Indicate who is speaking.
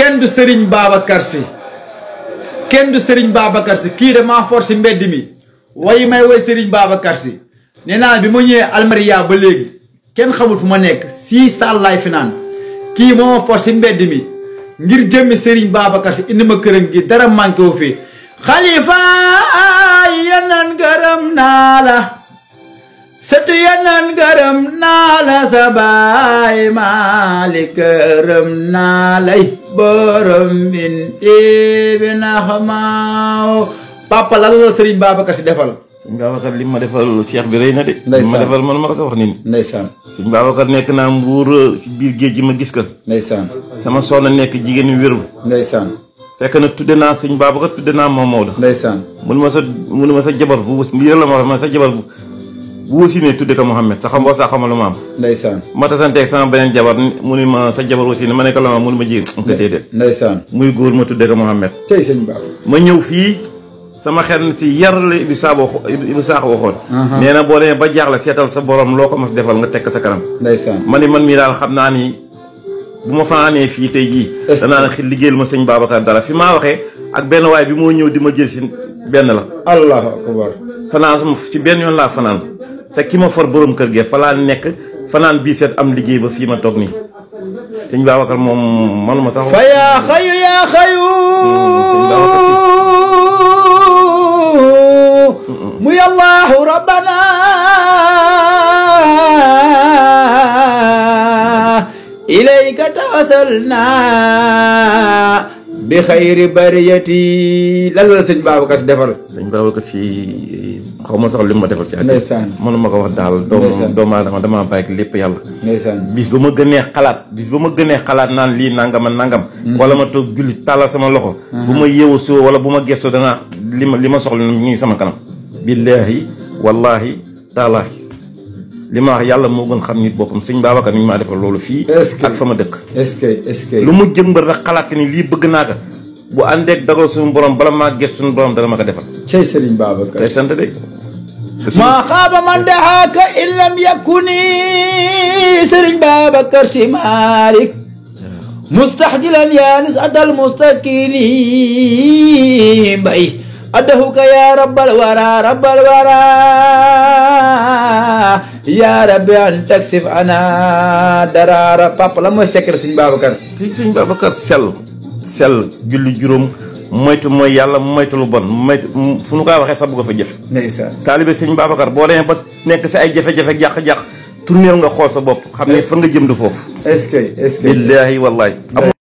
Speaker 1: kenn du Serigne Babacar Sy kenn du Serigne Babacar Sy kii dama force mbedd mi wayi may woy Serigne Babacar Sy nee naa bi ma ñëwee Almeria ba léegi kenn xamul fu ma nekk si saal laay fi naan kii mooma si mbedd mi ngir jëmmi sëriñ Babacar Sy indi ma këram gi dara manqué wu fi xalifa yenan gërëm naa la Setianan garam nala sabai malik garam nala baay binti bi nax papa lalu la sëriñ Babacar si defal sëñ Babacar lima ma defal Cheikh bi rëy na de li ma defal man ma ko sa wax nit si bir géej gi ma sama soal nek jigéen wér ndeysaan fekk na tudde naa sëñ Babacar tudde naa moom Maodo ndeysaan mun ma sa mun ma sa jabar bu sendiri la ma ma sa jabar bu wusine tudde ko mohammed sa xam bo sa xamal ma am ndaysan ma tasante sama benen jabar mu ni ma sa jabar wusine ma ne ko la ma mu ni ko tede ndaysan muy goor ma tudde ko mohammed tay seigne bab ma ñew fi sama xel ci yar la ibu sabo ibu sax waxon neena bo demé ba jaxla sétal sa borom loko mas defal nga tek sa kanam ndaysan mané man mi dal xamna ni buma faane fi tay ji dana xil ligel ma seigne babacar dara fi ma waxe ak ben way bi mo ñew dima jël ci ben la allah akbar fanan ci ben yon la fanan sa kima for borom fa la nek fa nan bi set am liggey ba fi ma toog nii sëñ Babacar mom manuma sax fa ya xayu ya xayu mu allah rabbana ilayka tawassalna bi xayri bariyati lan la sëñ Babacar si defal. sëñ Babacar si xaw ma sax li ma defal si. ndeysaan mënu ma ko wax daal. ndeysaan doomu doomu aadama damaa bàyyi lépp yàlla. ndeysaan bis ba ma gën gënee xalaat bis ba ma gënee xalaat naan lii nangam ak nangam. Mm-hmm. wala ma toog julli tàllal sama loxo. Mm-hmm. bu ma yeewoo suba wala bu ma gëstoo danaa li ma li ma soxla mu ngi sama kanam. billaahi wallaahi taalaahi. li ma wax yàlla moo xam nit boppam sëñ Babacar mi maa defal loolu fii. ak fa dëkk. est que lu mu jëmbat rek xalaat ni lii bëgg naa ko bu àndeek dagal suñu borom bala maa borom dana ma ko defal. cey Sëriñ Babacar tey sant de. man dahaaka in lam yakuni Sëriñ Babacar si Malick. mustaxjilan yaanis adal mustakini mbay. adahuka yaa rabbal wara rabbal wara yaa rabbi an taksif ana daraara papa la mooy secret suñ Babacar si suñ Babacar sel sel julli juróom moytu mooy yàlla moytu lu bon moytu fu nu kaa waxee sa bu ko fa jëf ndeysaan taalibe sëñ boo demee ba nekk si ay jafe-jafe jàq-jàq tourneel nga xool sa bopp xam ne fa nga jëm du foofu est-ce que est-ce billaahi wallaahi